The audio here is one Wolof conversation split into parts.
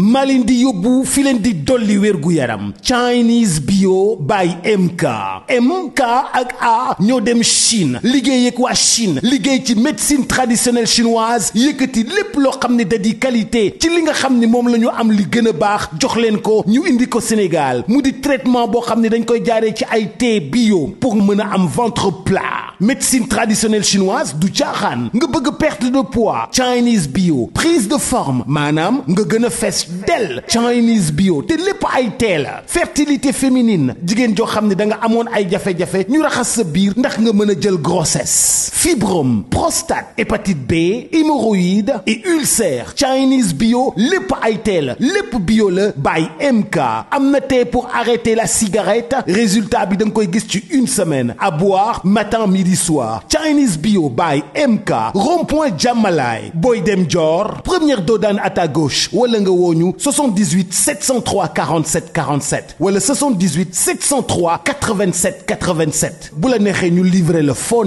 malin di yóbbu fi leen di dolli wérgu yaram Chinese bio by MK MK ak A ñoo dem Chine liggéey ak waa Chine liggéey ci médecine traditionnelle chinoise yëkkati lépp loo xam ne da di qualité ci li nga xam ne moom la ñu am li gën a baax jox leen ko ñu indi ko Sénégal mu di traitement boo xam ne dañ koy jaaree ci ay thé bio pour mën a am ventre plat médecine traditionnelle chinoise du caaxaan nga bëgg perte de poids Chinese bio prise de forme maanaam nga gën a fees del Chinese bio te lépp ay tee la fertilité féminine jigéen joo xam ne da nga amoon ay jafe-jafe ñu raxas sa biir ndax nga mën a jël grossesse fibrome prostate hépatite B hémorroïde et ulcère Chinese bio lépp ay tee la lépp bio la bay MK am na tee pour arrêter la cigarette résultat bi da nga koy gis ci une semaine à boire matin midi soir Chinese bio by MK rond-point Jamalaay booy dem Dior première doo daan à gauche wala nga woo ñu 78 703 47 47 wala 78 703 87 87 bu la neexee ñu livrer la foo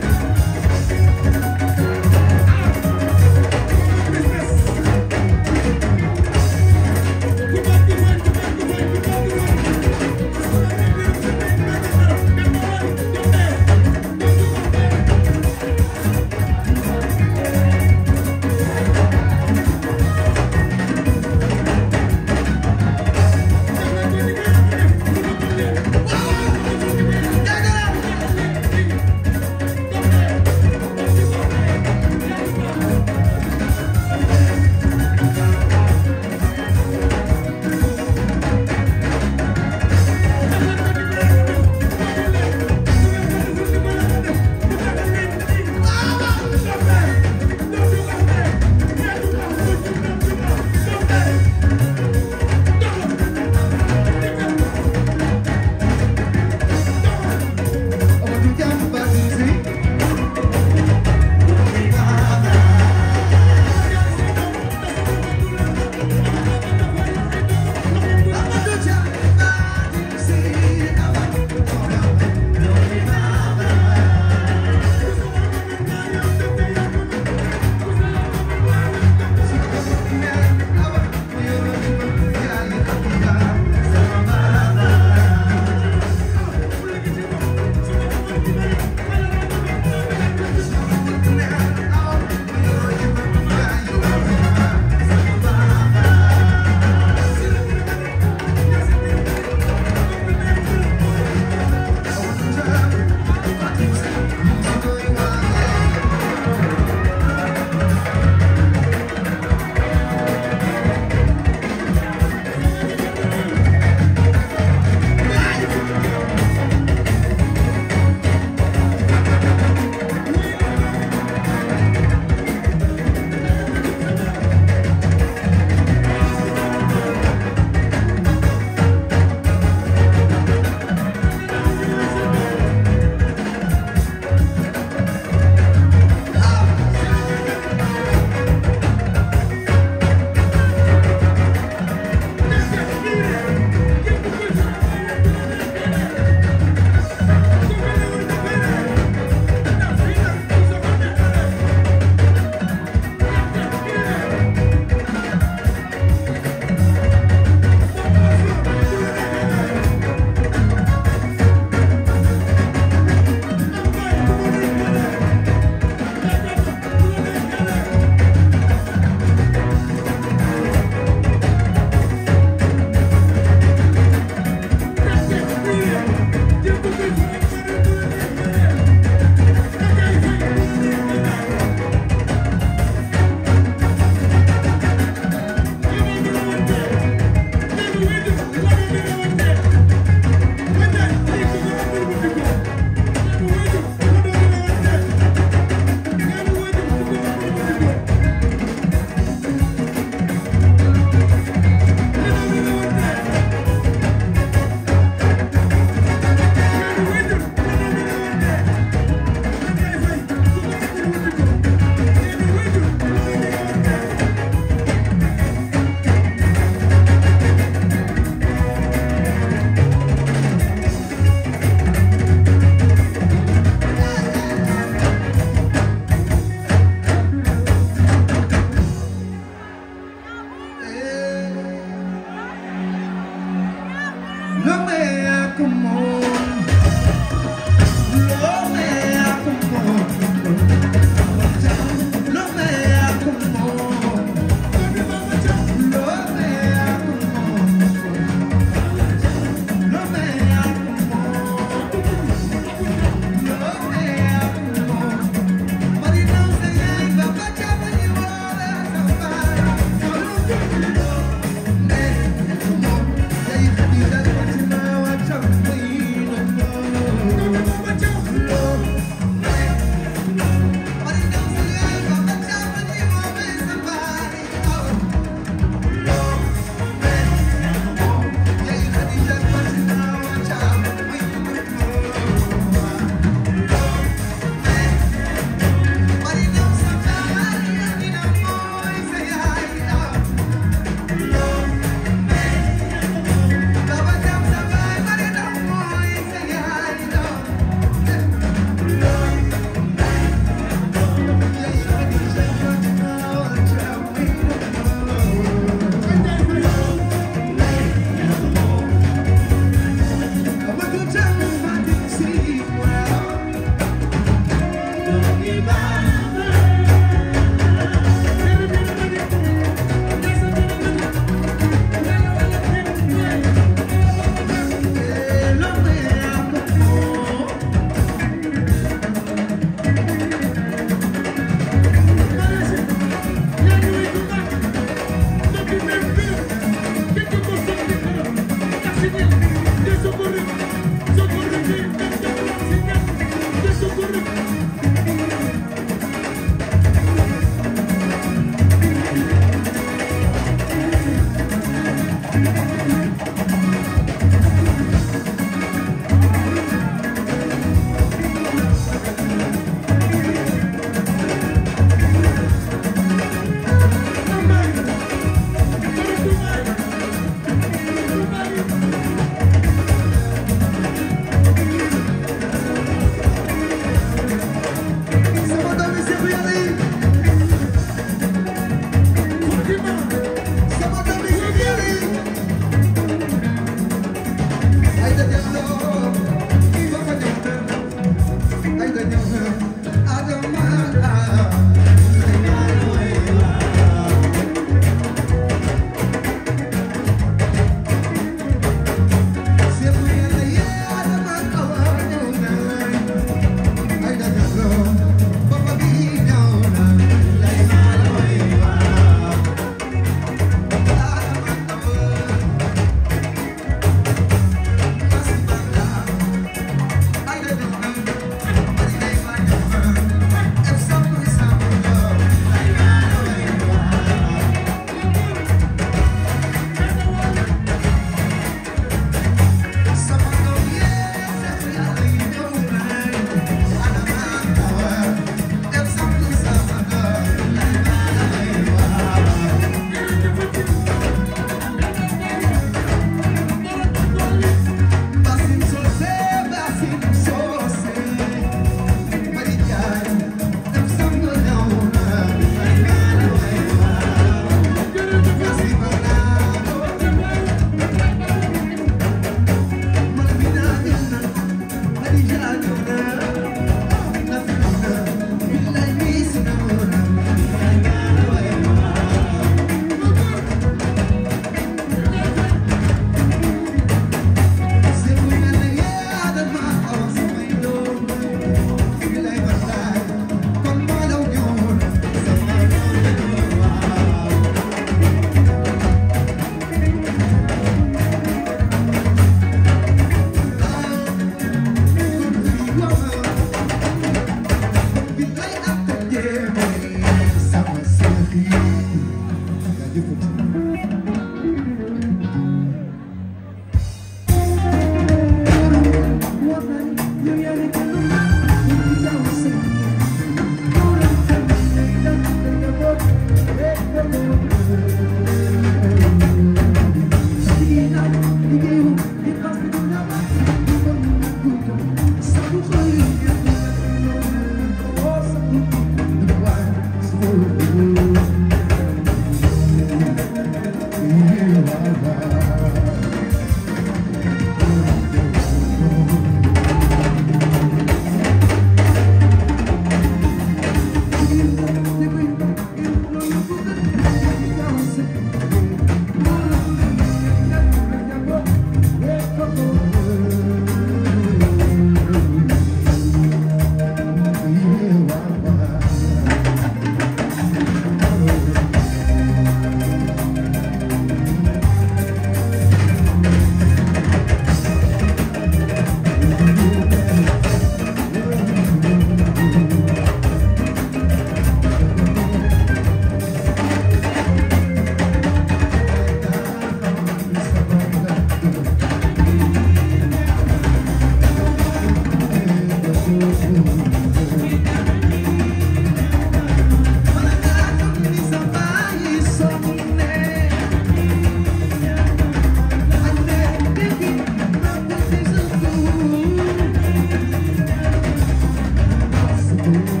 thank you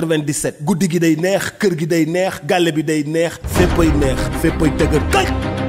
97 guddi gi day neex kër gi day neex galle bi day neex féppay neex féppay dëgër kay